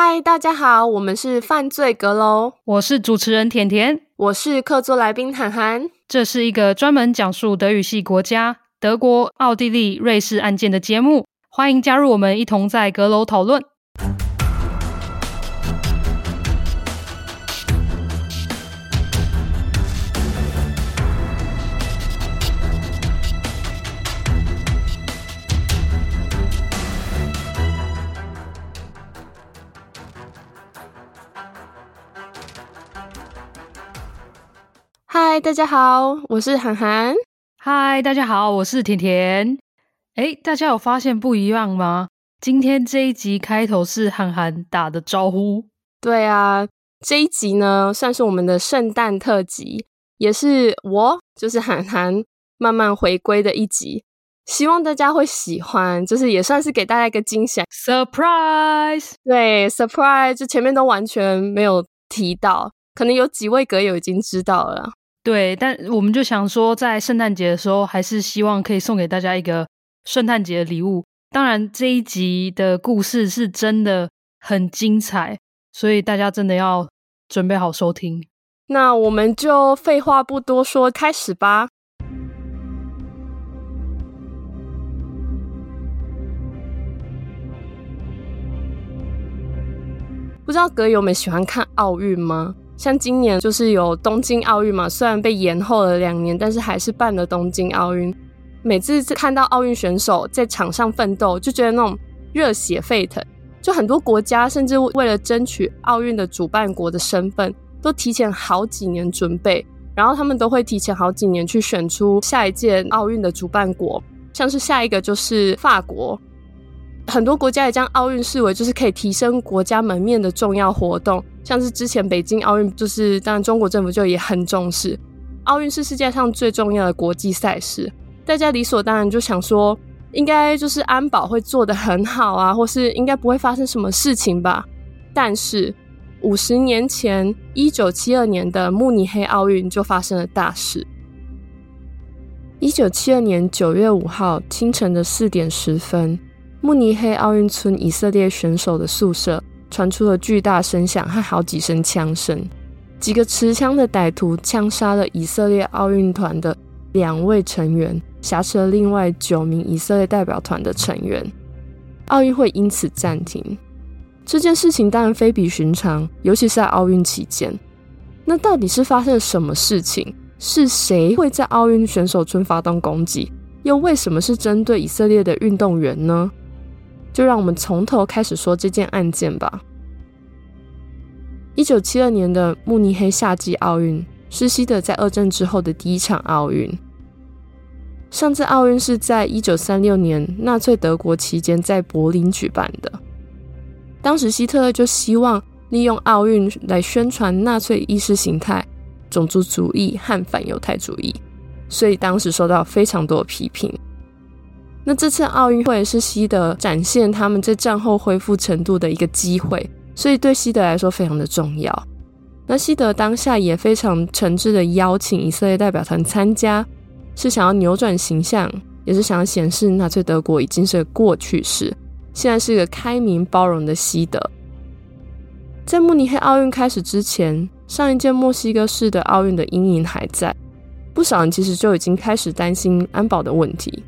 嗨，大家好，我們是犯罪閣樓，我是主持人甜甜，我是客座來賓函函，這是一個專門講述德語系國家德國、奧地利、瑞士案件的節目，歡迎加入我們，一同在閣樓討論。Hi, 大家好，我是函函。嗨，大家好，我是甜甜。哎，大家有發現不一樣嗎？今天這一集開頭是函函打的招呼。對啊，這一集呢算是我們的聖誕特輯，也是我就是函函慢慢回歸的一集，希望大家會喜歡，就是也算是給大家一個驚喜，surprise 對。對，surprise，就前面都完全沒有提到，可能有幾位閣友已經知道了。對，但我們就想說，在聖誕節的時候，還是希望可以送給大家一個聖誕節的禮物。當然，這一集的故事是真的很精彩，所以大家真的要準備好收聽。那我們就廢話不多說，開始吧。不知道閣友們喜歡看奧運嗎？像今年就是有東京奧運嘛，雖然被延後了兩年，但是還是辦了東京奧運。每次看到奧運選手在場上奮鬥，就覺得那種熱血沸騰。就很多國家甚至為了爭取奧運的主辦國的身份，都提前好幾年準備，然後他們都會提前好幾年去選出下一屆奧運的主辦國，像是下一個就是法國。很多國家也將奧運視為就是可以提升國家門面的重要活動。像是之前北京奧運，就是當然中國政府就也很重視。奧運是世界上最重要的國際賽事，大家理所當然就想說，應該就是安保會做得很好啊，或是應該不會發生什麼事情吧。但是五十年前，一九七二年的慕尼黑奧運就發生了大事。一九七二年九月五號清晨的四點十分，慕尼黑奧運村以色列選手的宿舍，傳出了巨大聲響和好幾聲槍聲，幾個持槍的歹徒槍殺了以色列奧運團的兩位成員，挾持了另外九名以色列代表團的成員，奧運會因此暫停。這件事情當然非比尋常，尤其是在奧運期間。那到底是發生了什麼事情？是誰會在奧運選手村發動攻擊？又為什麼是針對以色列的運動員呢？就讓我們從頭開始說這件案件吧。一九七二年的慕尼黑夏季奧運是西德在二戰之後的第一場奧運。上次奧運是在一九三六年納粹德國期間在柏林舉辦的。當時希特勒就希望利用奧運來宣傳納粹意識形態、種族主義和反猶太主義，所以當時受到非常多的批評。那這次奧運會是西德展現他們在戰後恢復程度的一個機會，所以對西德來說非常的重要。那西德當下也非常誠摯的邀請以色列代表團參加，是想要扭轉形象，也是想要顯示納粹德國已經是個過去式，現在是一個開明包容的西德。在慕尼黑奧運開始之前，上一屆墨西哥市的奧運的陰影還在，不少人其實就已經開始擔心安保的問題。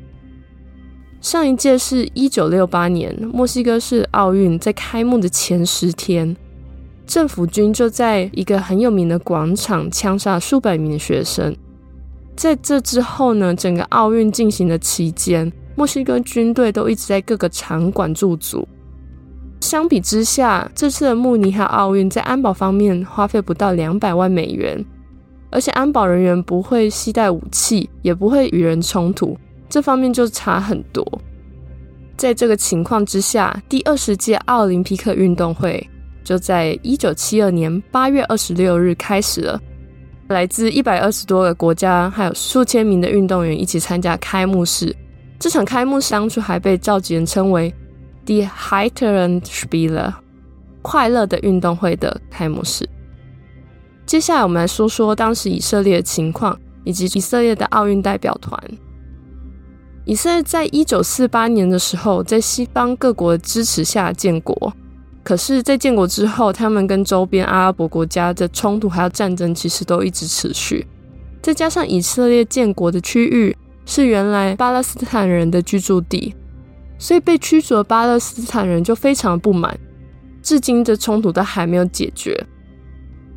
上一屆是一九六八年墨西哥市奧運，在開幕的前十天，政府軍就在一個很有名的廣場槍殺數百名學生。在這之後呢，整個奧運進行的期間，墨西哥軍隊都一直在各個場館駐足。相比之下，這次的慕尼黑奧運在安保方面花費不到兩百萬美元，而且安保人員不會攜帶武器，也不會與人衝突。這方面就差很多。在這個情況之下，第二十屆奧林匹克運動會就在一九七二年八月二十六日開始了。來自一百二十多個國家，還有數千名的運動員一起參加開幕式。這場開幕式當初還被召集人稱為 “Die heiteren Spiele”，快樂的運動會的開幕式。接下來，我們來說說當時以色列的情況以及以色列的奧運代表團。以色列在一九四八年的時候，在西方各國支持下建國，可是，在建國之後，他們跟周邊阿拉伯國家的衝突還有戰爭，其實都一直持續。再加上以色列建國的區域是原來巴勒斯坦人的居住地，所以被驅逐的巴勒斯坦人就非常不滿，至今這衝突都還沒有解決。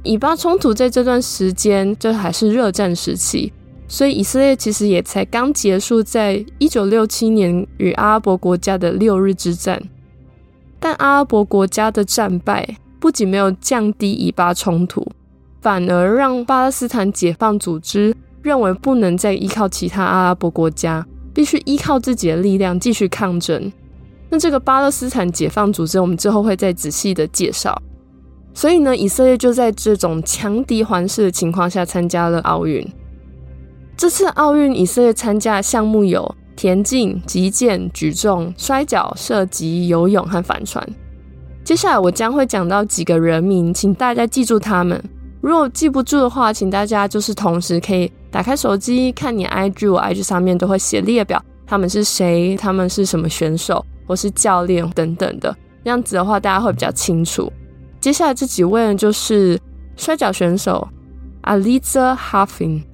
以巴衝突在這段時間，這還是熱戰時期。所以以色列其實也才剛結束在一九六七年與阿拉伯國家的六日之戰，但阿拉伯國家的戰敗不僅沒有降低以巴衝突，反而讓巴勒斯坦解放組織認為不能再依靠其他阿拉伯國家，必須依靠自己的力量繼續抗爭。那這個巴勒斯坦解放組織，我們之後會再仔細的介紹。所以呢，以色列就在這種強敵環伺的情況下參加了奧運。這次奧運，以色列參加的項目有田徑、擊劍、舉重、摔跤、射擊、游泳和帆船。接下來我將會講到幾個人名，請大家記住他們。如果記不住的話，請大家就是同時可以打開手機，看你 IG、我 IG 上面都會寫列表，他們是誰，他們是什麼選手或是教練等等的。這樣子的話，大家會比較清楚。接下來這幾位呢，就是摔跤選手 Aliza Hafin。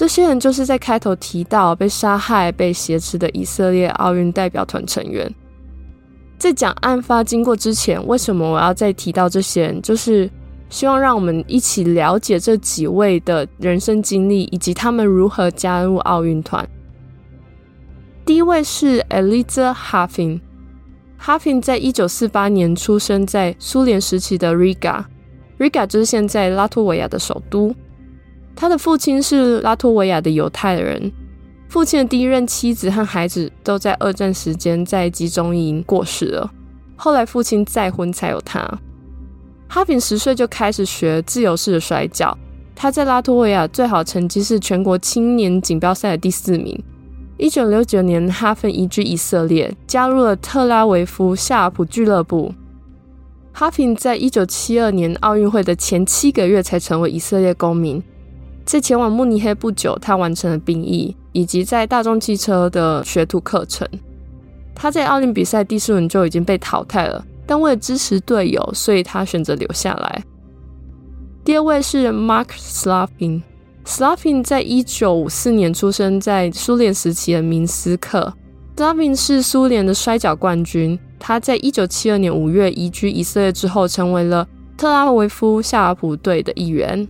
這些人就是在開頭提到被殺害、被挾持的以色列奧運代表團成員。在講案發經過之前，為什麼我要再提到這些人？就是希望讓我們一起了解這幾位的人生經歷，以及他們如何加入奧運團。第一位是 Eliza Hafin，Hafin 在一九四八年出生在蘇聯時期的 Riga，Riga Riga 就是現在拉脫維亞的首都。他的父親是拉脫維亞的猶太人，父親的第一任妻子和孩子都在二戰時間在集中營過世了。後來父親再婚才有他。哈平十歲就開始學自由式的摔跤，他在拉脫維亞最好成績是全國青年錦標賽的第四名。一九六九年，哈芬移居以色列，加入了特拉維夫夏爾普俱樂部。哈平在一九七二年奧運會的前七個月才成為以色列公民。在前往慕尼黑不久，他完成了兵役以及在大眾汽車的學徒課程。他在奧林比賽第四輪就已經被淘汰了，但為了支持隊友，所以他選擇留下來。第二位是 Mark Slavin。Slavin 在一九五四年出生在蘇聯時期的明斯克。Slavin 是蘇聯的摔角冠軍。他在一九七二年五月移居以色列之後，成為了特拉維夫夏普隊的一員。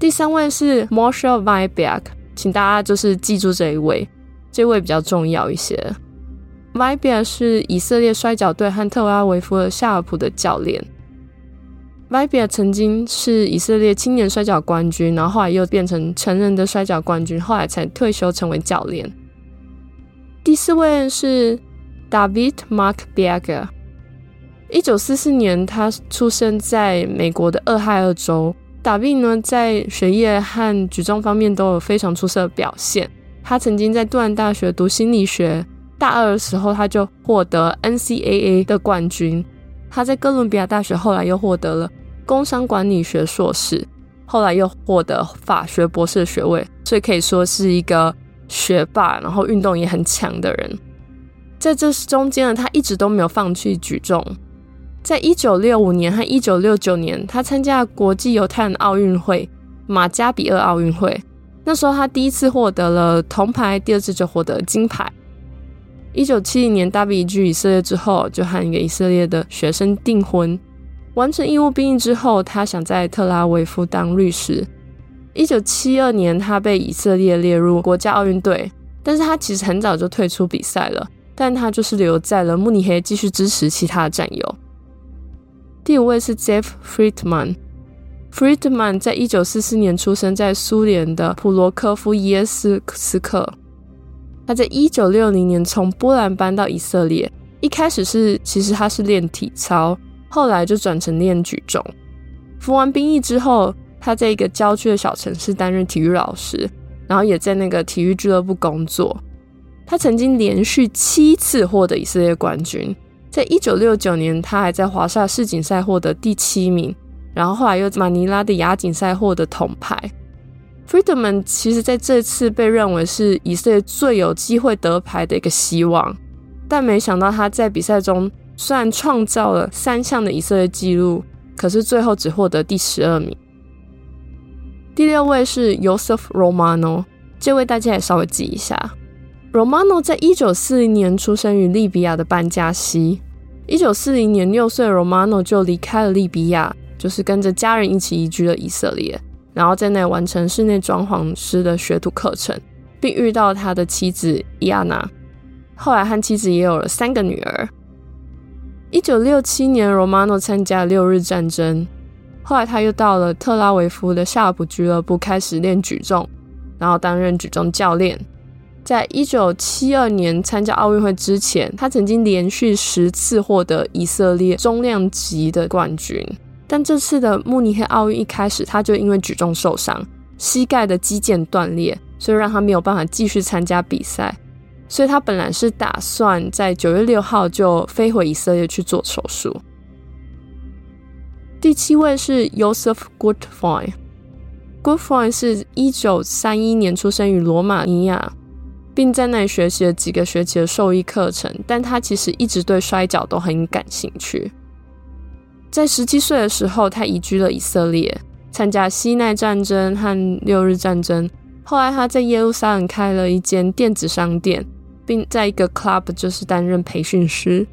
第三位是 Moshe Weinberg，請大家就是記住這一位，這位比較重要一些。Weinberg 是以色列摔角隊和特拉維夫的夏爾普的教練。Weinberg 曾經是以色列青年摔角冠軍，然後後來又變成成人的摔角冠軍，後來才退休成為教練。第四位是 David Mark Berger，一九四四年，他出生在美國的俄亥俄州。達比呢，在學業和舉重方面都有非常出色的表現。他曾經在杜蘭大學讀心理學，大二的時候他就獲得 NCAA 的冠軍。他在哥倫比亞大學後來又獲得了工商管理學碩士，後來又獲得法學博士學位，所以可以說是一個學霸，然後運動也很強的人。在這中間呢，他一直都沒有放棄舉重。在一九六五年和一九六九年，他參加國際猶太人奧運會、馬加比厄奧運會。那時候他第一次獲得了銅牌，第二次就獲得了金牌。一九七零年，大比去以色列之後，就和一個以色列的學生訂婚。完成義務兵役之後，他想在特拉維夫當律師。一九七二年，他被以色列列入國家奧運隊，但是他其實很早就退出比賽了，但他就是留在了慕尼黑繼續支持其他的戰友。第五位是 Jeff Friedman。Friedman 在一九四四年出生在蘇聯的普羅科夫耶斯斯克。他在一九六零年從波蘭搬到以色列。一開始是，其實他是練體操，後來就轉成練舉重。服完兵役之後，他在一個郊區的小城市擔任體育老師，然後也在那個體育俱樂部工作。他曾經連續七次獲得以色列冠軍。在一九六九年，他還在華沙世錦賽獲得第七名，然後後來又在馬尼拉的亞錦賽獲得銅牌。Friedman 其實在這次被認為是以色列最有機會得牌的一個希望，但沒想到他在比賽中雖然創造了三項的以色列紀錄，可是最後只獲得第十二名。第六位是 Yosef Romano，這位大家也稍微記一下。Romano 在一九四零年出生於利比亞的班加西。一九四零年六歲，Romano 就離開了利比亞，就是跟着家人一起移居了以色列，然後在那完成室內裝潢師的學徒課程，並遇到了他的妻子伊亞娜。後來和妻子也有了三個女兒。一九六七年，Romano 參加了六日戰爭。後來他又到了特拉維夫的夏普俱樂部開始練舉重，然後擔任舉重教練。在一九七二年參加奧運會之前，他曾經連續十次獲得以色列中量級的冠軍。但這次的慕尼黑奧運一開始，他就因為舉重受傷，膝蓋的肌腱斷裂，所以讓他沒有辦法繼續參加比賽。所以他本來是打算在九月六號就飛回以色列去做手術。第七位是 Joseph Gutfreund，Gutfreund 是一九三一年出生於羅馬尼亞。並在那裡學習了幾個學期的獸醫課程，但他其實一直對摔跤都很感興趣。在十七歲的時候，他移居了以色列，參加西奈戰爭和六日戰爭。後來，他在耶路撒冷開了一間電子商店，並在一個 club 就是擔任培訓師。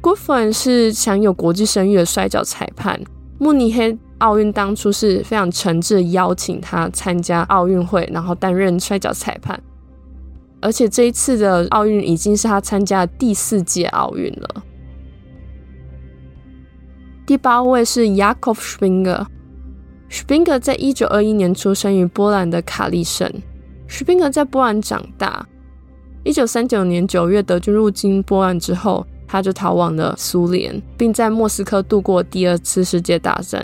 古弗恩是享有國際聲譽的摔跤裁判。慕尼黑奧運當初是非常誠摯地邀請他參加奧運會，然後擔任摔跤裁判。而且這一次的奧運已經是他參加的第四屆奧運了。第八位是雅科夫·舒賓格。舒賓格在一九二一年出生於波蘭的卡利什。舒賓格在波蘭長大。一九三九年九月德軍入侵波蘭之後，他就逃往了蘇聯，並在莫斯科度過第二次世界大戰。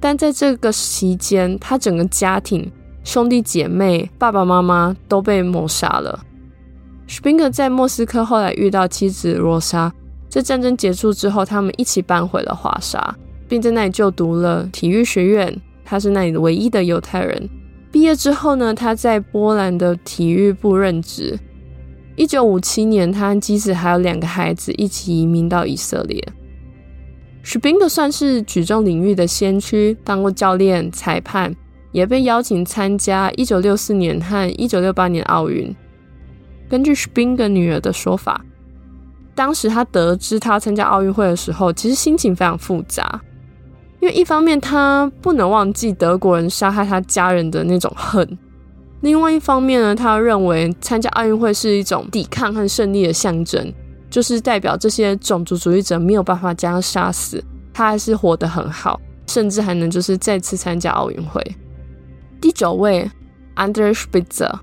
但在這個期間，他整個家庭、兄弟姐妹、爸爸媽媽都被謀殺了。Springer 在莫斯科後來遇到妻子羅莎，在戰爭結束之後，他們一起搬回了華沙，並在那裡就讀了體育學院。他是那裡的唯一的猶太人。畢業之後呢，他在波蘭的體育部任職。一九五七年，他和妻子還有兩個孩子一起移民到以色列。Springer 算是舉重領域的先驅，當過教練、裁判，也被邀請參加一九六四年和一九六八年奧運。根據 Springer 女兒的說法，當時他得知他參加奧運會的時候，其實心情非常複雜，因為一方面他不能忘記德國人殺害他家人的那種恨，另外一方面呢，他認為參加奧運會是一種抵抗和勝利的象徵，就是代表這些種族主義者沒有辦法將他殺死，他還是活得很好，甚至還能就是再次參加奧運會。第九位，Andre Spitzer。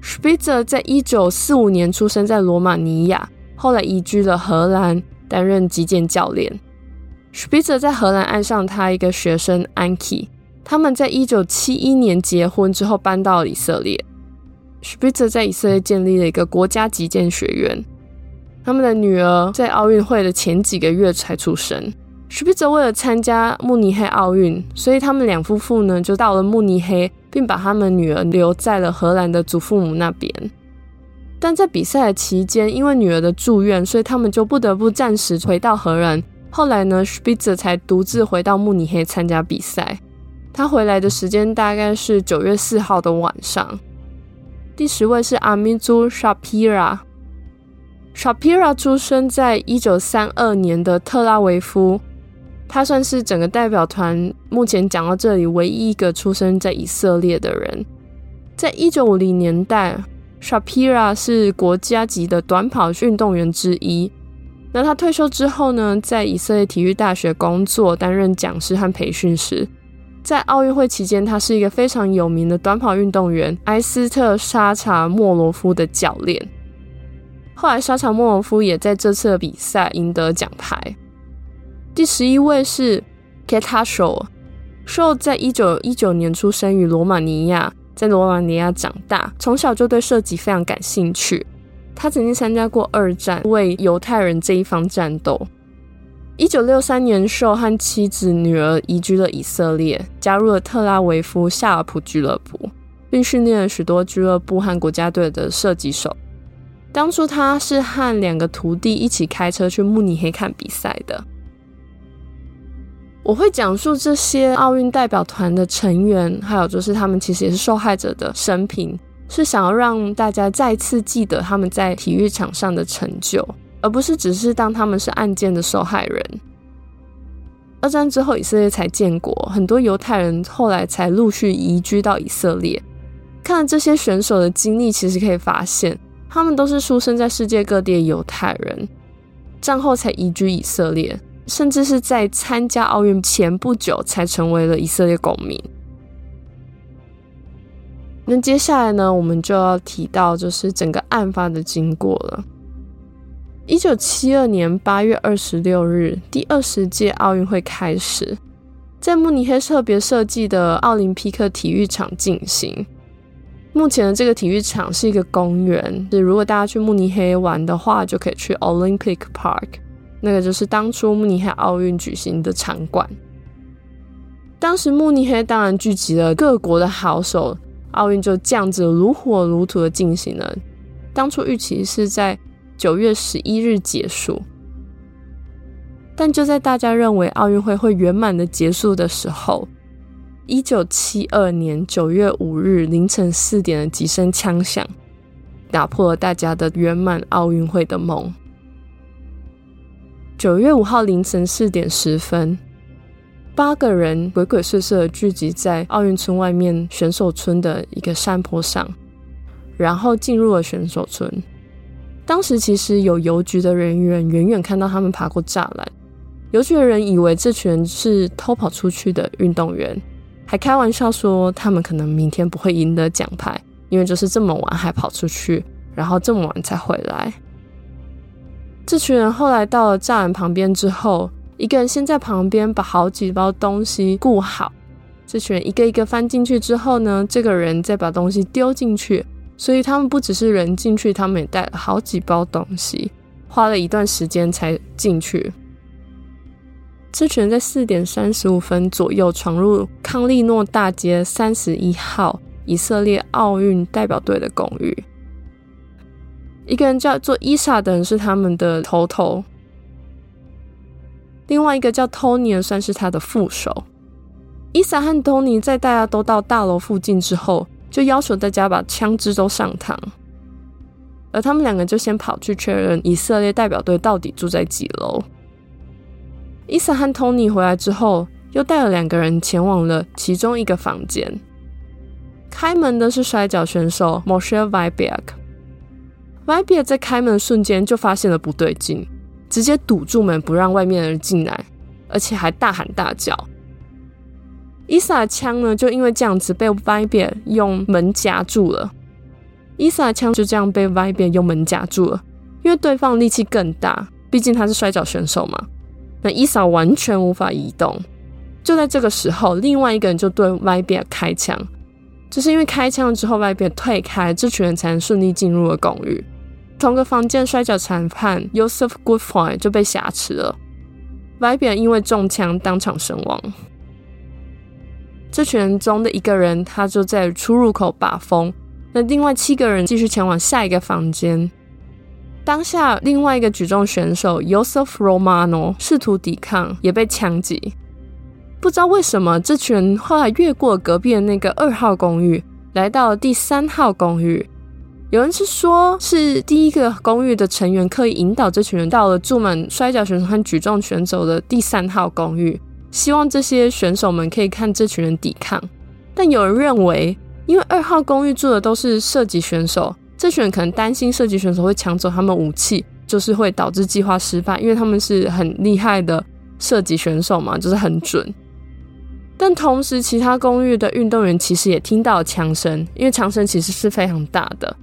史比澤在一九四五年出生在羅馬尼亞，後來移居了荷蘭，擔任擊劍教練。史比澤在荷蘭愛上他一個學生安基，他們在一九七一年結婚之後搬到了以色列。史比澤在以色列建立了一個國家擊劍學院。他們的女兒在奧運會的前幾個月才出生。Spitzer 為了參加慕尼黑奧運，所以他們兩夫婦呢就到了慕尼黑，並把他們女兒留在了荷蘭的祖父母那邊。但在比賽的期間，因為女兒的住院，所以他們就不得不暫時回到荷蘭。後來呢，Spitzer 才獨自回到慕尼黑參加比賽。他回來的時間大概是九月四號的晚上。第十位是阿米祖沙皮拉。沙皮拉出生在一九三二年的特拉維夫。他算是整個代表團目前講到這裡唯一一個出生在以色列的人。在一九五零年代，Shapira 是國家級的短跑運動員之一。那他退休之後呢，在以色列體育大學工作，擔任講師和培訓師。在奧運會期間，他是一個非常有名的短跑運動員，埃斯特沙查莫羅夫的教練。後來，沙查莫羅夫也在這次的比賽贏得獎牌。第十一位是 Kehat Shorr，Shorr 在一九一九年出生於羅馬尼亞，在羅馬尼亞長大，從小就對射擊非常感興趣。他曾經參加過二戰，為猶太人這一方戰鬥。一九六三年，壽和妻子、女兒移居了以色列，加入了特拉維夫夏爾普俱樂部，並訓練了許多俱樂部和國家隊的射擊手。當初他是和兩個徒弟一起開車去慕尼黑看比賽的。我會講述這些奧運代表團的成員，還有就是他們其實也是受害者的生平，是想要讓大家再次記得他們在體育場上的成就，而不是只是當他們是案件的受害人。二戰之後，以色列才建國，很多猶太人後來才陸續移居到以色列。看了這些選手的經歷，其實可以發現，他們都是出生在世界各地的猶太人，戰後才移居以色列。甚至是在參加奧運前不久才成為了以色列公民。那接下來呢，我們就要提到就是整個案發的經過了。一九七二年八月二十六日，第二十屆奧運會開始，在慕尼黑特別設計的奧林匹克體育場進行。目前的這個體育場是一個公園，是如果大家去慕尼黑玩的話，就可以去 Olympic Park。那個就是當初慕尼黑奧運舉行的場館。當時慕尼黑當然聚集了各國的好手，奧運就這樣子如火如荼的進行了。當初預期是在九月十一日結束，但就在大家認為奧運會會圓滿的結束的時候，一九七二年九月五日凌晨四點的幾聲槍響，打破了大家的圓滿奧運會的夢。九月五號凌晨四點十分，八個人鬼鬼祟祟聚集在奧運村外面選手村的一個山坡上，然後進入了選手村。當時其實有郵局的人員遠遠看到他們爬過柵欄，郵局的人以為這群是偷跑出去的運動員，還開玩笑說他們可能明天不會贏得獎牌，因為就是這麼晚還跑出去，然後這麼晚才回來。這群人後來到了柵欄旁邊之後，一個人先在旁邊把好幾包東西顧好。這群人一個一個翻進去之後呢，這個人再把東西丟進去。所以他們不只是人進去，他們也帶了好幾包東西，花了一段時間才進去。這群人在四點三十五分左右闖入康利諾大街三十一號以色列奧運代表隊的公寓。一個人叫做伊莎的人是他們的頭頭，另外一個叫托尼的算是他的副手。伊莎和托尼在大家都到大樓附近之後，就要求大家把槍支都上膛，而他們兩個就先跑去確認以色列代表隊到底住在幾樓。伊莎和托尼回來之後，又帶了兩個人前往了其中一個房間。開門的是摔跤選手 Moshe Weinberg。Weinberg 在開門的瞬間就發現了不對勁，直接堵住門不讓外面的人進來，而且還大喊大叫。伊薩的槍呢，就因為這樣子被 Weinberg 用門夾住了。伊薩的槍就這樣被 Weinberg 用門夾住了，因為對方力氣更大，畢竟他是摔角選手嘛。那伊薩完全無法移動。就在這個時候，另外一個人就對 Weinberg 開槍，就是因為開槍了之後，Weinberg 退開，這群人才能順利進入了公寓。同個房間摔跤裁判 Yossef Gutfreund 就被挾持了，Weinberg 因為中槍當場身亡。這群人中的一個人，他就在出入口把風，那另外七個人繼續前往下一個房間。當下，另外一個舉重選手 Youssef Romano 試圖抵抗，也被槍擊。不知道為什麼，這群人後來越過隔壁的那個二號公寓，來到第三號公寓。有人是說，是第一個公寓的成員刻意引導這群人到了住滿摔跤選手和舉重選手的第三號公寓，希望這些選手們可以看這群人抵抗。但有人認為，因為二號公寓住的都是射擊選手，這群人可能擔心射擊選手會搶走他們武器，就是會導致計劃失敗，因為他們是很厲害的射擊選手嘛，就是很準。但同時，其他公寓的運動員其實也聽到槍聲，因為槍聲其實是非常大的。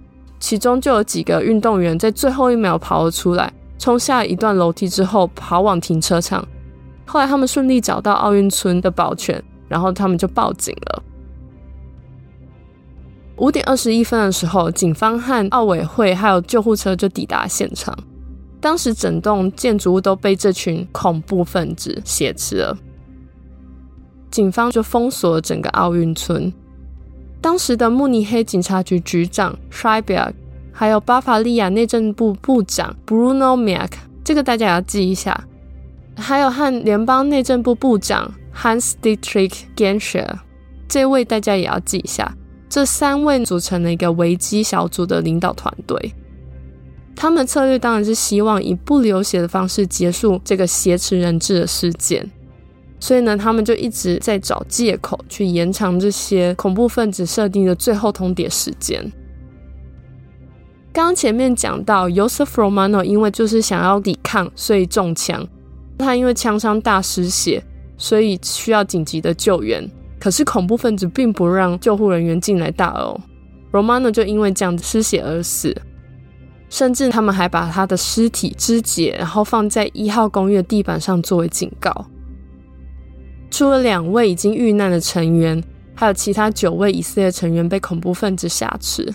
其中就有幾個運動員在最後一秒跑了出來，衝下一段樓梯之後跑往停車場。後來他們順利找到奧運村的保全，然後他們就報警了。五點二十一分的時候，警方和奧委會還有救護車就抵達現場。當時整棟建築物都被這群恐怖分子挾持了，警方就封鎖了整個奧運村。當時的慕尼黑警察局局長 Schreiber，還有巴伐利亞內政部部長 Bruno Merk，這個大家也要記一下。還有和聯邦內政部部長 Hans Dietrich Genscher，這位大家也要記一下。這三位組成了一個危機小組的領導團隊。他們策略當然是希望以不流血的方式結束這個挾持人質的事件。所以呢，他們就一直在找借口去延長這些恐怖分子設定的最後通牒時間。剛剛前面講到，Youssef Romano 因為就是想要抵抗，所以中槍。他因為槍傷大失血，所以需要緊急的救援。可是恐怖分子並不讓救護人員進來大樓。Romano 就因為這樣失血而死，甚至他們還把他的屍體肢解，然後放在一號公寓的地板上作為警告。除了兩位已經遇難的成員，還有其他九位以色列的成員被恐怖分子挾持。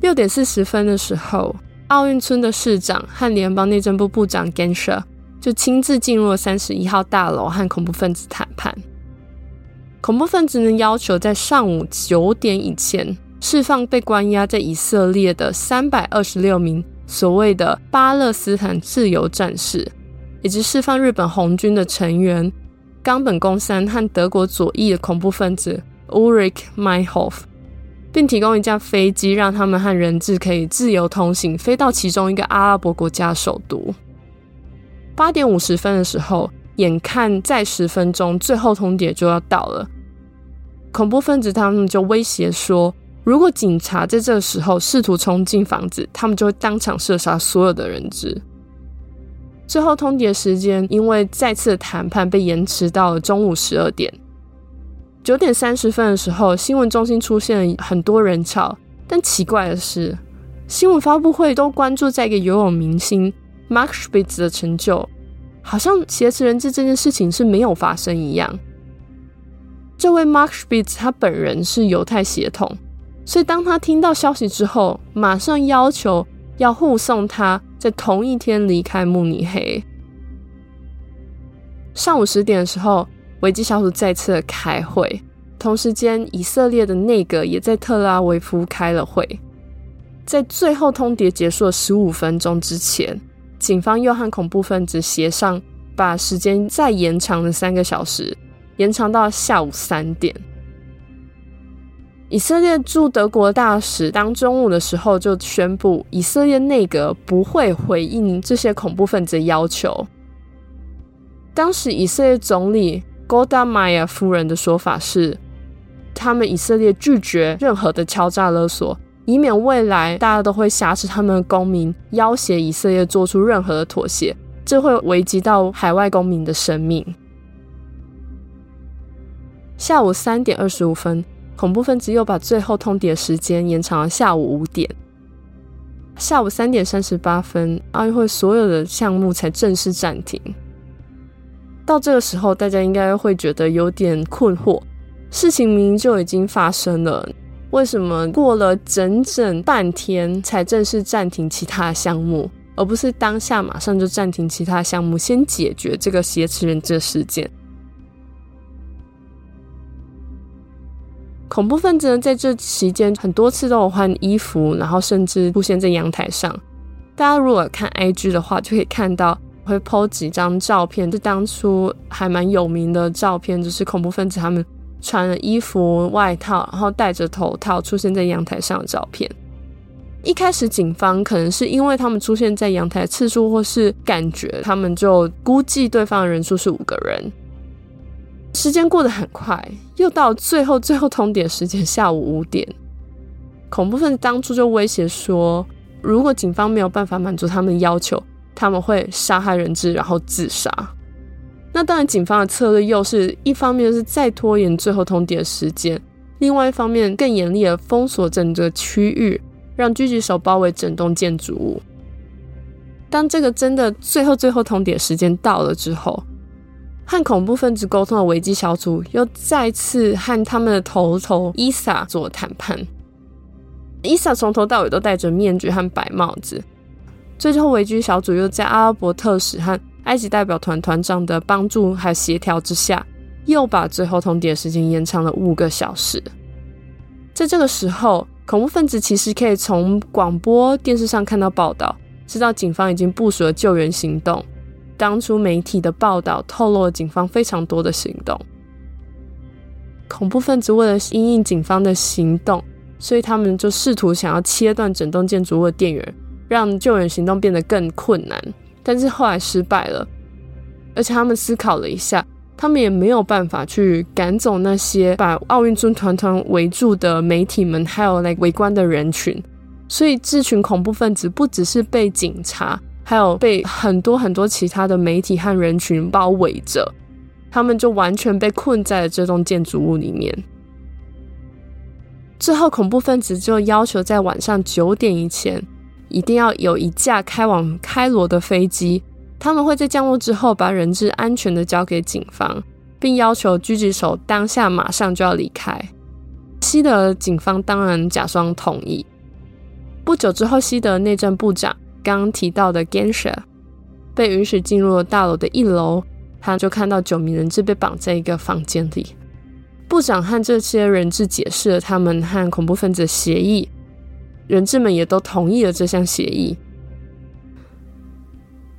六點四十分的時候，奧運村的市長和聯邦內政部部長 Genscher 就親自進入了三十一號大樓，和恐怖分子談判。恐怖分子呢，要求在上午九點以前釋放被關押在以色列的三百二十六名所謂的巴勒斯坦自由戰士，以及釋放日本紅軍的成員。岡本公三和德國左翼的恐怖分子 Ulrich Meinhof 並提供一架飛機，讓他們和人質可以自由通行，飛到其中一個阿拉伯國家首都。八點五十分的時候，眼看再十分鐘最後通牒就要到了，恐怖分子他們就威脅說，如果警察在這個時候試圖衝進房子，他們就會當場射殺所有的人質。最後通牒時間因為再次的談判被延遲到了中午十二點。九點三十分的時候，新聞中心出現了很多人潮，但奇怪的是，新聞發布會都關注在一個游泳明星 Mark Spitz 的成就，好像挾持人質這件事情是沒有發生一樣。這位 Mark Spitz 他本人是猶太血統，所以當他聽到消息之後，馬上要求。要護送他在同一天離開慕尼黑。上午十點的時候，危機小組再次開會，同時間以色列的內閣也在特拉維夫開了會。在最後通牒結束十五分鐘之前，警方又和恐怖分子協商，把時間再延長了三個小時，延長到下午三點。以色列駐德國大使當中午的時候就宣布，以色列內閣不會回應這些恐怖分子的要求。當時以色列總理果爾達·梅爾夫人的說法是，他們以色列拒絕任何的敲詐勒索，以免未來大家都會挾持他們的公民，要挾以色列做出任何的妥協，這會危及到海外公民的生命。下午三點二十五分。恐怖分子又把最後通牒時間延長到下午五點。下午三點三十八分，奧運會所有的項目才正式暫停。到這個時候，大家應該會覺得有點困惑：事情明明就已經發生了，為什麼過了整整半天才正式暫停其他的項目，而不是當下馬上就暫停其他項目，先解決這個挾持人質事件？恐怖分子呢，在這期間很多次都有換衣服，然後甚至出現在陽台上。大家如果看 IG 的話，就可以看到我會 PO 幾張照片，就當初還蠻有名的照片，就是恐怖分子他們穿了衣服、外套，然後戴着頭套出現在陽台上的照片。一開始警方可能是因為他們出現在陽台次數，或是感覺他們就估計對方的人數是五個人。時間過得很快，又到最後最後通牒時間下午五點，恐怖分子當初就威脅說，如果警方沒有辦法滿足他們的要求，他們會殺害人質然後自殺。那當然，警方的策略又是一方面是再拖延最後通牒時間，另外一方面更嚴厲的封鎖整個區域，讓狙擊手包圍整棟建築物。當這個真的最後最後通牒時間到了之後，和恐怖分子溝通的危機小組又再次和他們的頭頭伊薩做談判。伊薩從頭到尾都戴着面具和白帽子。最後，危機小組又在阿拉伯特使和埃及代表團團長的幫助和協調之下，又把最後通牒時間延長了五個小時。在這個時候，恐怖分子其實可以從廣播電視上看到報道，知道警方已經部署了救援行動。當初媒體的報道透露了警方非常多的行動。恐怖分子為了因應警方的行動，所以他們就試圖想要切斷整棟建築物的電源，讓救援行動變得更困難。但是後來失敗了。而且他們思考了一下，他們也沒有辦法去趕走那些把奧運村團團團圍住的媒體們，還有來圍觀的人群。所以這群恐怖分子不只是被警察。還有被很多很多其他的媒體和人群包圍着，他們就完全被困在了這棟建築物裡面。之後，恐怖分子就要求在晚上九點以前，一定要有一架開往開羅的飛機。他們會在降落之後把人質安全的交給警方，並要求狙擊手當下馬上就要離開。西德警方當然假裝同意。不久之後，西德內政部長，剛提到的 Genscher 被允許進入了大樓的一樓，他就看到九名人質被綁在一個房間裡。部長和這些人質解釋了他們和恐怖分子的協議，人質們也都同意了這項協議。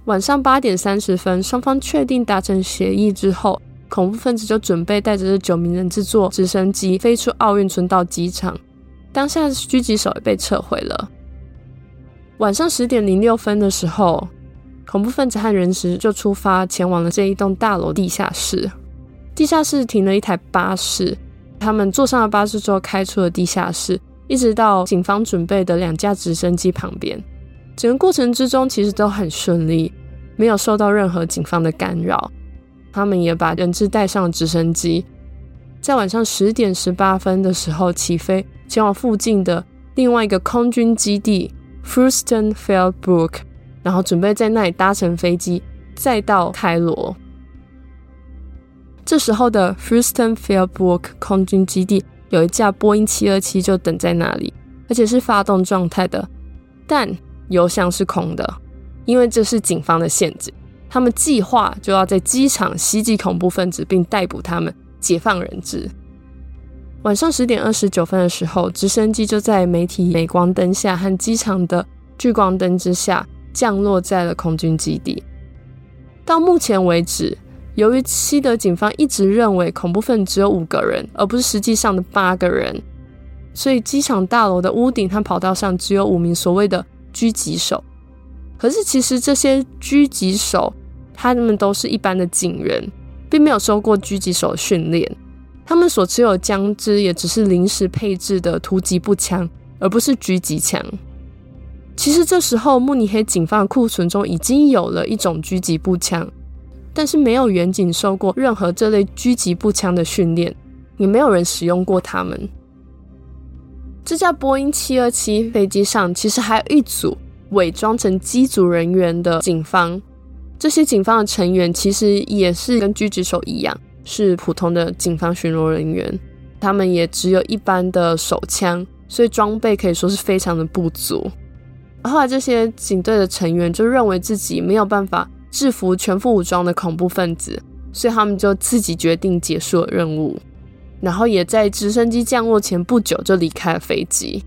晚上八點三十分，雙方確定達成協議之後，恐怖分子就準備帶着這九名人質坐直升機飛出奧運村到機場。當下的狙擊手也被撤回了。晚上十點零六分的時候，恐怖分子和人質就出發前往了這一棟大樓地下室。地下室停了一台巴士，他們坐上了巴士之後，開出了地下室，一直到警方準備的兩架直升機旁邊。整個過程之中，其實都很順利，沒有受到任何警方的干擾。他們也把人質帶上了直升機，在晚上十點十八分的時候起飛，前往附近的另外一個空軍基地。Fürstenfeldbruck 然後準備在那裡搭乘飛機，再到開羅。這時候的 Fürstenfeldbruck 空軍基地有一架波音七二七就等在那裡，而且是發動狀態的，但油箱是空的，因為這是警方的限制。他們計劃就要在機場襲擊恐怖分子，並逮捕他們，解放人質。晚上十點二十九分的時候，直升機就在媒體鎂光燈下和機場的聚光燈之下，降落在了空軍基地。到目前為止，由於西德警方一直認為恐怖分子只有五個人，而不是實際上的八個人，所以機場大樓的屋頂和跑道上只有五名所謂的狙擊手。可是，其實這些狙擊手，他們都是一般的警員，並沒有受過狙擊手訓練。他們所持有的槍支也只是臨時配置的突擊步槍，而不是狙擊槍。其實這時候慕尼黑警方的庫存中已經有了一種狙擊步槍，但是沒有員警受過任何這類狙擊步槍的訓練，也沒有人使用過它們。這架波音七二七飛機上其實還有一組偽裝成機組人員的警方，這些警方的成員其實也是跟狙擊手一樣是普通的警方巡邏人員，他們也只有一般的手槍，所以裝備可以說是非常的不足。後來這些警隊的成員就認為自己沒有辦法制服全副武裝的恐怖分子，所以他們就自己決定結束了任務，然後也在直升機降落前不久就離開了飛機。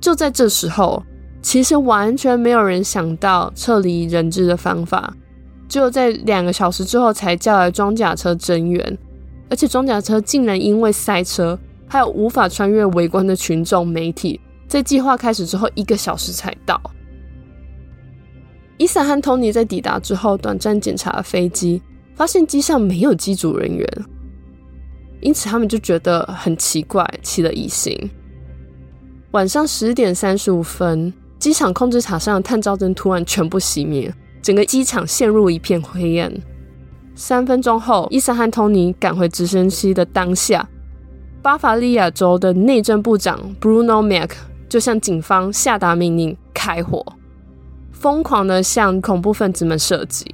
就在這時候，其實完全沒有人想到撤離人質的方法。只有在兩個小時之後才叫來裝甲車增援，而且裝甲車竟然因為塞車，還有無法穿越圍觀的群眾媒體，在計劃開始之後一個小時才到。伊薩和托尼在抵達之後短暫檢查了飛機，發現機上沒有機組人員，因此他們就覺得很奇怪，起了疑心。晚上十點三十五分，機場控制塔上的探照燈突然全部熄滅。整個機場陷入一片黑暗。三分鐘後，伊森和托尼趕回直升機的當下，巴伐利亞州的內政部長 Bruno Merk 就向警方下達命令：開火，瘋狂的向恐怖分子們射擊。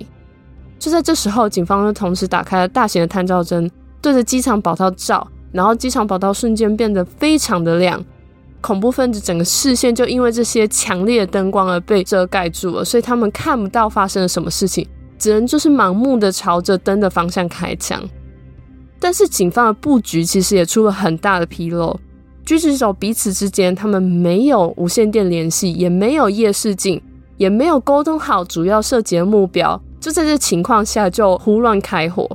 就在這時候，警方又同時打開了大型的探照燈，對着機場跑道照，然後機場跑道瞬間變得非常的亮。恐怖分子整個視線就因為這些強烈的燈光而被遮蓋住了，所以他們看不到發生了什麼事情，只能就是盲目的朝着燈的方向開槍。但是警方的布局其實也出了很大的紕漏，狙擊手彼此之間他們沒有無線電聯繫，也沒有夜視鏡，也沒有溝通好主要射擊的目標，就在這情況下就胡亂開火。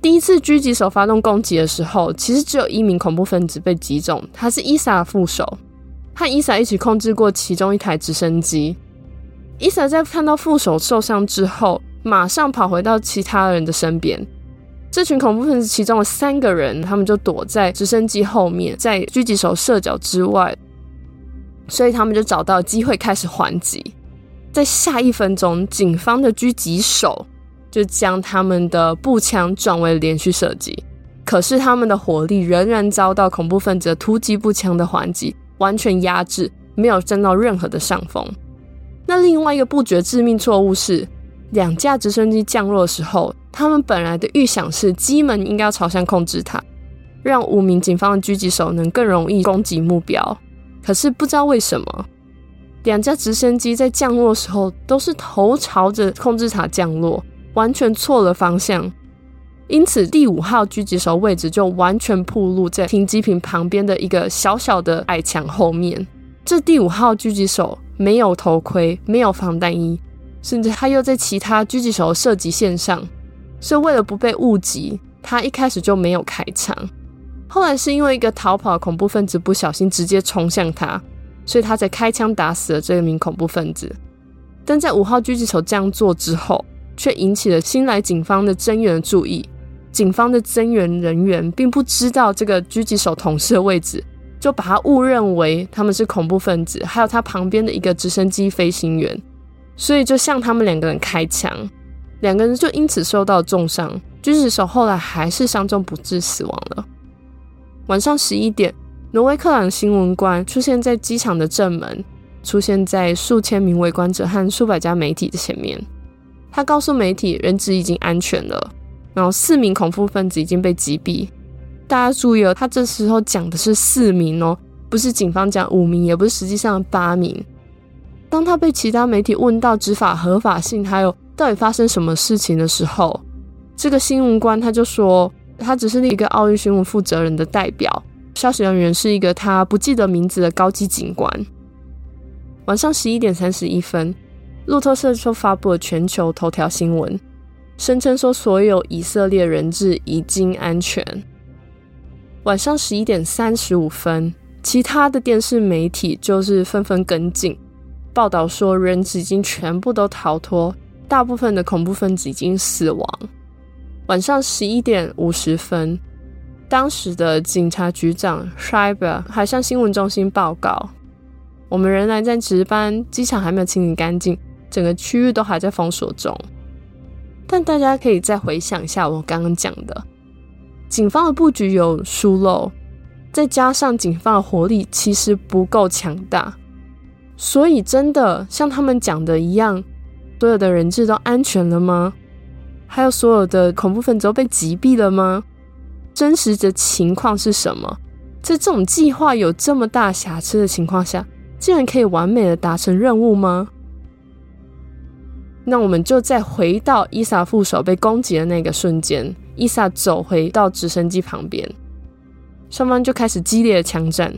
第一次狙擊手發動攻擊的時候，其實只有一名恐怖分子被擊中，他是伊莎的副手，和伊莎一起控制過其中一台直升機。伊莎在看到副手受傷之後，馬上跑回到其他人的身邊。這群恐怖分子其中有三個人，他們就躲在直升機後面，在狙擊手射角之外，所以他們就找到機會開始還擊。在下一分鐘，警方的狙擊手，就將他們的步槍轉為連續射擊，可是他們的火力仍然遭到恐怖分子突擊步槍的還擊，完全壓制，沒有佔到任何的上風。那另外一個不覺致命錯誤是，兩架直升機降落的時候，他們本來的預想是機門應該要朝向控制塔，讓五名警方的狙擊手能更容易攻擊目標。可是不知道為什麼，兩架直升機在降落的時候都是頭朝着控制塔降落。完全錯了方向，因此第五號狙擊手位置就完全暴露在停機坪旁邊的一個小小的矮牆後面。這第五號狙擊手沒有頭盔，沒有防彈衣，甚至他又在其他狙擊手的射擊線上，所以為了不被誤擊，他一開始就沒有開槍。後來是因為一個逃跑的恐怖分子不小心直接衝向他，所以他才開槍打死了這一名恐怖分子。但在五號狙擊手這樣做之後。卻引起了新來警方的增援注意。警方的增援人員並不知道這個狙擊手同事的位置，就把他誤認為他們是恐怖分子，還有他旁邊的一個直升機飛行員，所以就向他們兩個人開槍。兩個人就因此受到重傷。狙擊手後來還是傷重不治死亡了。晚上十一點，挪威克朗新聞官出現在機場的正門，出現在數千名圍觀者和數百家媒體的前面。他告訴媒體，人質已經安全了，然後四名恐怖分子已經被擊斃。大家注意了，他這時候講的是四名哦，不是警方講五名，也不是實際上八名。當他被其他媒體問到執法合法性，還有到底發生什麼事情的時候，這個新聞官他就說，他只是那個奧運新聞負責人的代表，消息來源是一個他不記得名字的高級警官。晚上十一點三十一分。路透社就發布了全球頭條新聞，聲稱說所有以色列人質已經安全。晚上十一點三十五分，其他的電視媒體就是紛紛跟進報道，說人質已經全部都逃脫，大部分的恐怖分子已經死亡。晚上十一點五十分，當時的警察局長 Schreiber 還向新聞中心報告：“我們仍然在值班，機場還沒有清理乾淨。”整個區域都還在封鎖中，但大家可以再回想一下我剛剛講的，警方的布局有疏漏，再加上警方的火力其實不夠強大，所以真的像他們講的一樣，所有的人質都安全了嗎？還有所有的恐怖分子都被擊斃了嗎？真實的情況是什麼？在這種計劃有這麼大瑕疵的情況下，竟然可以完美的達成任務嗎？那我們就再回到伊薩副手被攻擊的那個瞬間，伊薩走回到直升機旁邊，雙方就開始激烈的槍戰，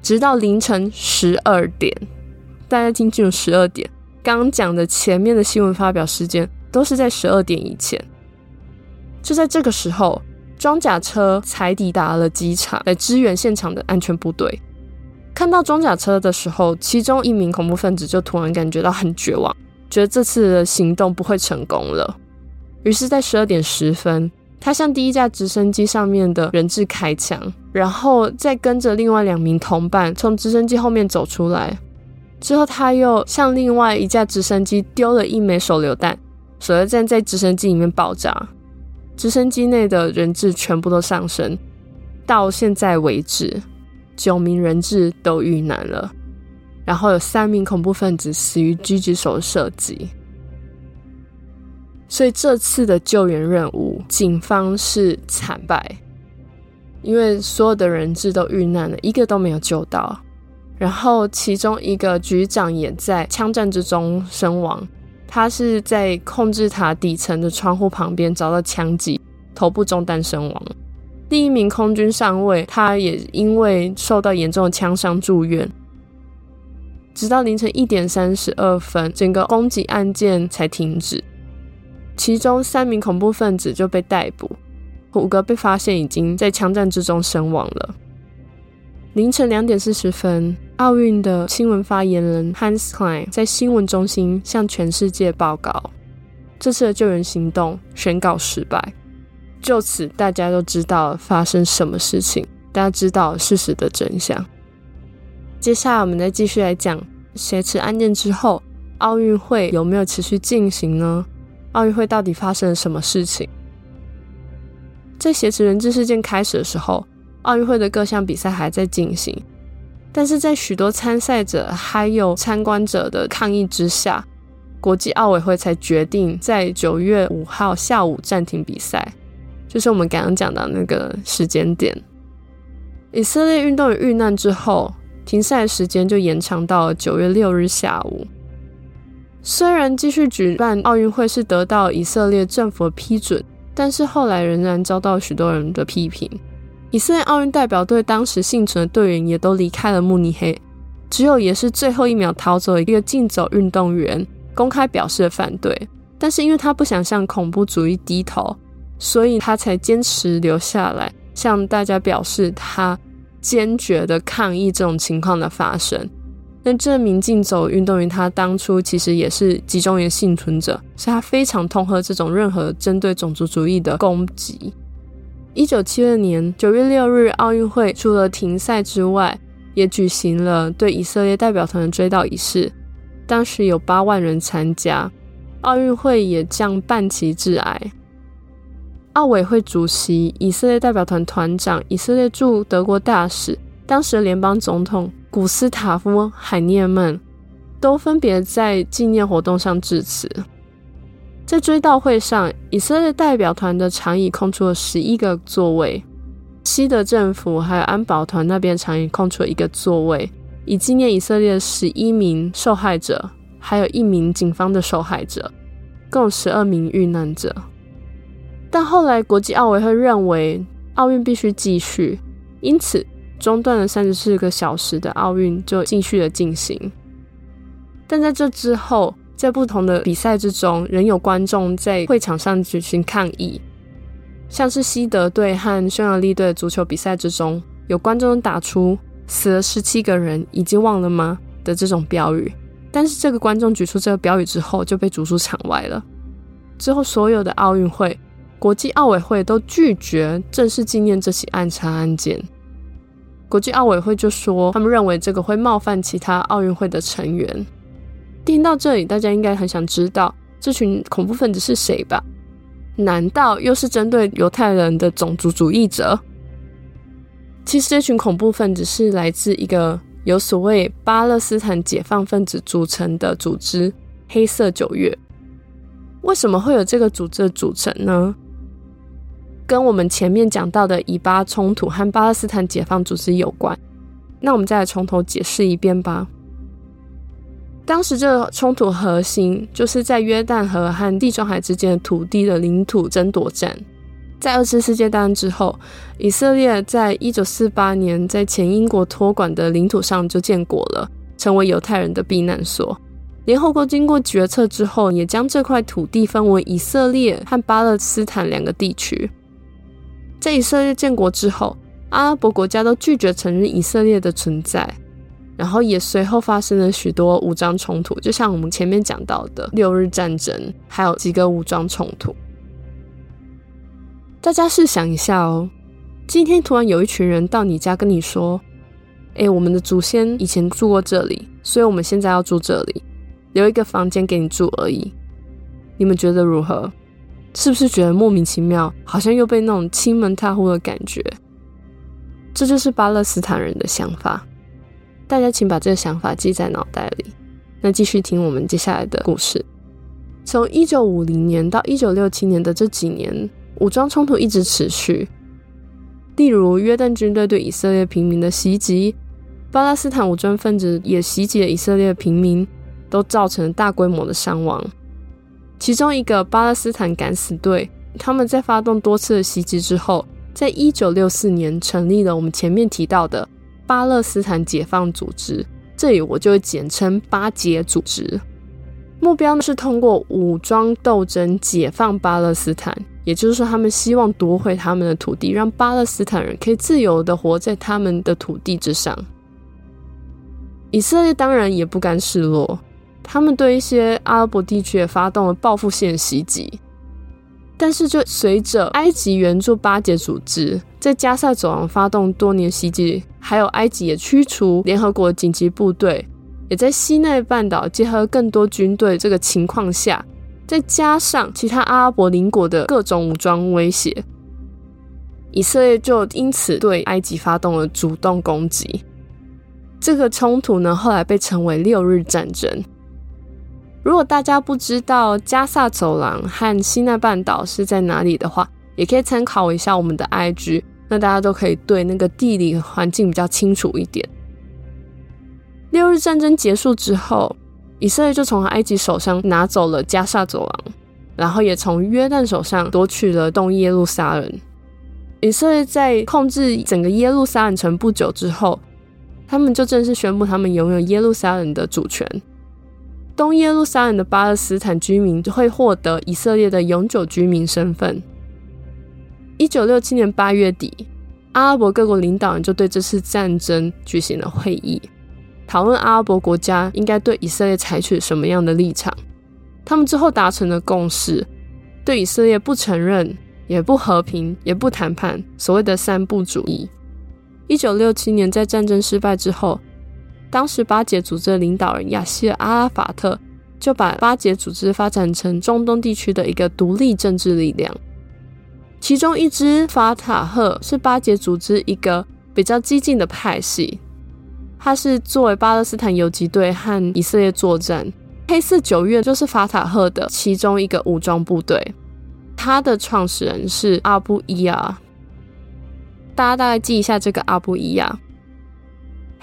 直到凌晨十二點。大家聽清楚，十二點。剛剛講的前面的新聞發表時間都是在十二點以前。就在這個時候，裝甲車才抵達了機場來支援現場的安全部隊。看到裝甲車的時候，其中一名恐怖分子就突然感覺到很絕望。覺得這次的行動不會成功了，於是，在十二點十分，他向第一架直升機上面的人質開槍，然後再跟着另外兩名同伴從直升機後面走出來。之後，他又向另外一架直升機丟了一枚手榴彈，手榴彈在直升機裡面爆炸，直升機內的人質全部都喪生。到現在為止，九名人質都遇難了。然後有三名恐怖分子死於狙擊手射擊，所以這次的救援任務，警方是慘敗，因為所有的人質都遇難了，一個都沒有救到。然後其中一個局長也在槍戰之中身亡，他是在控制塔底層的窗戶旁邊遭到槍擊，頭部中彈身亡。第一名空軍上尉，他也因為受到嚴重的槍傷住院。直到凌晨一點三十二分，整個攻擊案件才停止。其中三名恐怖分子就被逮捕，五個被發現已經在槍戰之中身亡了。凌晨兩點四十分，奧運的新聞發言人 Hans Klein 在新聞中心向全世界報告，這次的救援行動宣告失敗。就此，大家都知道發生什麼事情，大家知道事實的真相。接下來，我們再繼續來講挾持案件之後，奧運會有沒有持續進行呢？奧運會到底發生了什麼事情？在挾持人質事件開始的時候，奧運會的各項比賽還在進行，但是在許多參賽者還有參觀者的抗議之下，國際奧委會才決定在九月五號下午暫停比賽，就是我們剛剛講的那個時間點。以色列運動員遇難之後。停賽的時間就延長到了九月六日下午。雖然繼續舉辦奧運會是得到以色列政府的批准，但是後來仍然遭到許多人的批評。以色列奧運代表隊當時倖存的隊員也都離開了慕尼黑，只有也是最後一秒逃走的一個競走運動員公開表示了反對。但是因為他不想向恐怖主義低頭，所以他才堅持留下來，向大家表示他。堅決的抗議這種情況的發生。那這名競走運動員，他當初其實也是集中營倖存者，所以他非常痛恨這種任何針對種族主義的攻擊。一九七二年九月六日，奧運會除了停賽之外，也舉行了對以色列代表團的追悼儀式，當時有八萬人參加，奧運會也降半旗致哀。奧委會主席、以色列代表團團長、以色列駐德國大使、當時的聯邦總統古斯塔夫·海涅曼都分別在紀念活動上致辭。在追悼會上，以色列代表團的長椅空出了十一個座位，西德政府還有安保團那邊的長椅空出了一個座位，以紀念以色列十一名受害者，還有一名警方的受害者，共十二名遇難者。但後來，國際奧委會認為奧運必須繼續，因此中斷了三十四個小時的奧運就繼續的進行。但在這之後，在不同的比賽之中，仍有觀眾在會場上舉行抗議，像是西德隊和匈牙利隊的足球比賽之中，有觀眾打出“死了十七個人，已經忘了嗎”的這種標語。但是這個觀眾舉出這個標語之後，就被逐出場外了。之後所有的奧運會。國際奧委會都拒絕正式紀念這起暗殺案件。國際奧委會就說，他們認為這個會冒犯其他奧運會的成員。聽到這裡，大家應該很想知道，這群恐怖分子是誰吧？難道又是針對猶太人的種族主義者？其實，這群恐怖分子是來自一個由所謂巴勒斯坦解放分子組成的組織——黑色九月。為什麼會有這個組織的組成呢？跟我們前面講到的以巴衝突和巴勒斯坦解放組織有關，那我們再來從頭解釋一遍吧。當時這個衝突核心就是在約旦河和地中海之間的土地的領土爭奪戰。在二次世界大戰之後，以色列在一九四八年在前英國托管的領土上就建國了，成為猶太人的避難所。聯合國經過決策之後，也將這塊土地分為以色列和巴勒斯坦兩個地區。在以色列建國之後，阿拉伯國家都拒絕承認以色列的存在，然後也隨後發生了許多武裝衝突，就像我們前面講到的六日戰爭，還有幾個武裝衝突。大家試想一下哦，今天突然有一群人到你家跟你說：“哎、欸，我們的祖先以前住過這裡，所以我們現在要住這裡，留一個房間給你住而已。”你們覺得如何？是不是覺得莫名其妙？好像又被那種侵門踏戶的感覺。這就是巴勒斯坦人的想法。大家請把這個想法記在腦袋裡。那繼續聽我們接下來的故事。從一九五零年到一九六七年的這幾年，武裝衝突一直持續。例如，約旦軍隊對以色列平民的襲擊，巴勒斯坦武裝分子也襲擊了以色列平民，都造成了大規模的傷亡。其中一個巴勒斯坦敢死隊，他們在發動多次的襲擊之後，在一九六四年成立了我們前面提到的巴勒斯坦解放組織，這裡我就會簡稱巴解組織。目標呢，是通過武裝鬥爭解放巴勒斯坦，也就是說他們希望奪回他們的土地，讓巴勒斯坦人可以自由的活在他們的土地之上。以色列當然也不甘示弱。他們對一些阿拉伯地區也發動了報復性的襲擊，但是就隨着埃及援助巴解組織在加沙走廊發動多年襲擊，還有埃及也驅除聯合國的緊急部隊，也在西奈半島結合更多軍隊這個情況下，再加上其他阿拉伯鄰國的各種武裝威脅，以色列就因此對埃及發動了主動攻擊。這個衝突呢，後來被稱為六日戰爭。如果大家不知道加薩走廊和西奈半島是在哪裡的話，也可以參考一下我們的 IG，那大家都可以對那個地理環境比較清楚一點。六日戰爭結束之後，以色列就從埃及手上拿走了加薩走廊，然後也從約旦手上奪取了東耶路撒冷。以色列在控制整個耶路撒冷城不久之後，他們就正式宣布他們擁有耶路撒冷的主權。東耶路撒冷的巴勒斯坦居民就會獲得以色列的永久居民身份。一九六七年八月底，阿拉伯各國領導人就對這次戰爭舉行了會議，討論阿拉伯國家應該對以色列採取什麼樣的立場。他們之後達成了共識：對以色列不承認、也不和平、也不談判，所謂的三不主義。一九六七年在戰爭失敗之後。當時巴解組織的領導人亞西爾阿拉法特就把巴解組織發展成中東地區的一個獨立政治力量。其中一支法塔赫是巴解組織一個比較激進的派系，他是作為巴勒斯坦游擊隊和以色列作戰。黑色九月就是法塔赫的其中一個武裝部隊，它的創始人是阿布伊亞。大家大概記一下這個阿布伊亞。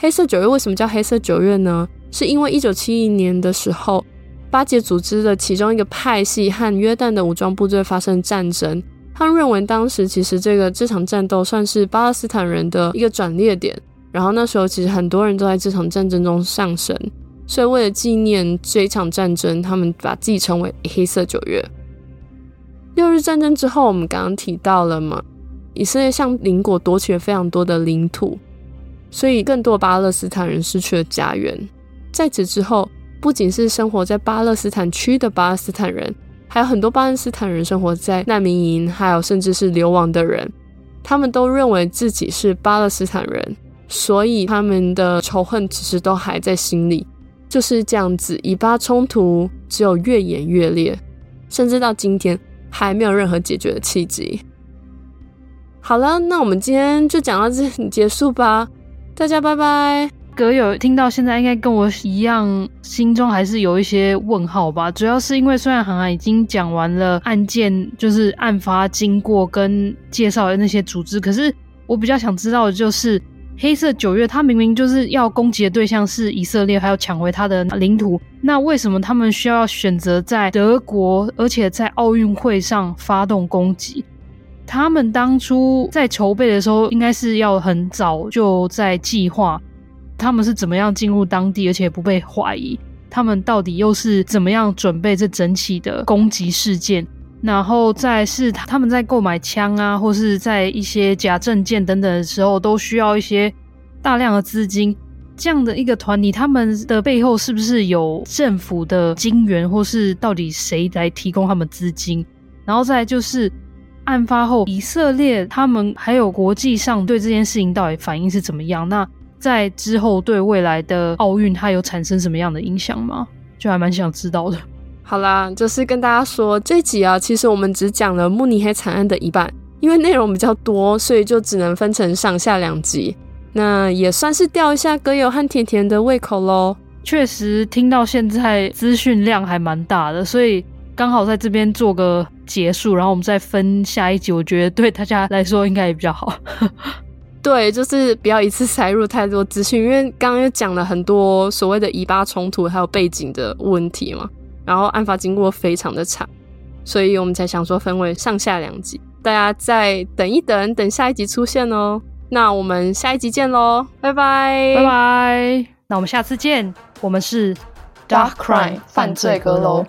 黑色九月為什麼叫黑色九月呢？是因為一九七一年的時候，巴解組織的其中一個派系和約旦的武裝部隊發生戰爭。他們認為當時其實這個這場戰鬥算是巴勒斯坦人的一個轉捩點。然後那時候其實很多人都在這場戰爭中喪生。所以為了紀念這一場戰爭，他們把自己稱為黑色九月。六日戰爭之後，我們剛剛提到了嘛，以色列向鄰國奪取了非常多的領土。所以，更多巴勒斯坦人失去了家園。在此之後，不僅是生活在巴勒斯坦區的巴勒斯坦人，還有很多巴勒斯坦人生活在難民營，還有甚至是流亡的人。他們都認為自己是巴勒斯坦人，所以他們的仇恨其實都還在心裡。就是這樣子，以巴衝突只有越演越烈，甚至到今天還沒有任何解決的契機。好了，那我們今天就講到這裡，結束吧。大家拜拜，閣友聽到現在應該跟我一樣，心中還是有一些問號吧。主要是因為雖然函函已經講完了案件，就是案發經過跟介紹的那些組織，可是我比較想知道的就是，黑色九月他明明就是要攻擊的對象是以色列，還要搶回他的領土，那為什麼他們需要選擇在德國，而且在奧運會上發動攻擊？他們當初在籌備的時候，應該是要很早就在計劃，他們是怎麼樣進入當地，而且不被懷疑。他們到底又是怎麼樣準備這整起的攻擊事件？然後再是他們在購買槍啊，或是在一些假證件等等的時候，都需要一些大量的資金。這樣的一個團體，他們的背後是不是有政府的金援，或是到底誰來提供他們資金？然後再來就是。案發後，以色列他們還有國際上對這件事情到底反應是怎麼樣？那在之後對未來的奧運它有產生什麼樣的影響嗎？就還蠻想知道的。好啦，就是跟大家說，這集啊，其實我們只講了慕尼黑慘案的一半，因為內容比較多，所以就只能分成上下兩集。那也算是吊一下閣友和甜甜的胃口嘍。確實，聽到現在資訊量還蠻大的，所以剛好在這邊做個。結束，然後我們再分下一集。我覺得對大家來說應該也比較好。 對，就是不要一次塞入太多資訊，因為剛剛又講了很多所謂的以巴衝突，還有背景的問題嘛。然後案發經過非常的長，所以我們才想說分為上下兩集。大家再等一等，等下一集出現哦。那我們下一集見嘍，拜拜拜拜。那我們下次見，我們是 DACH Crime 犯罪閣樓。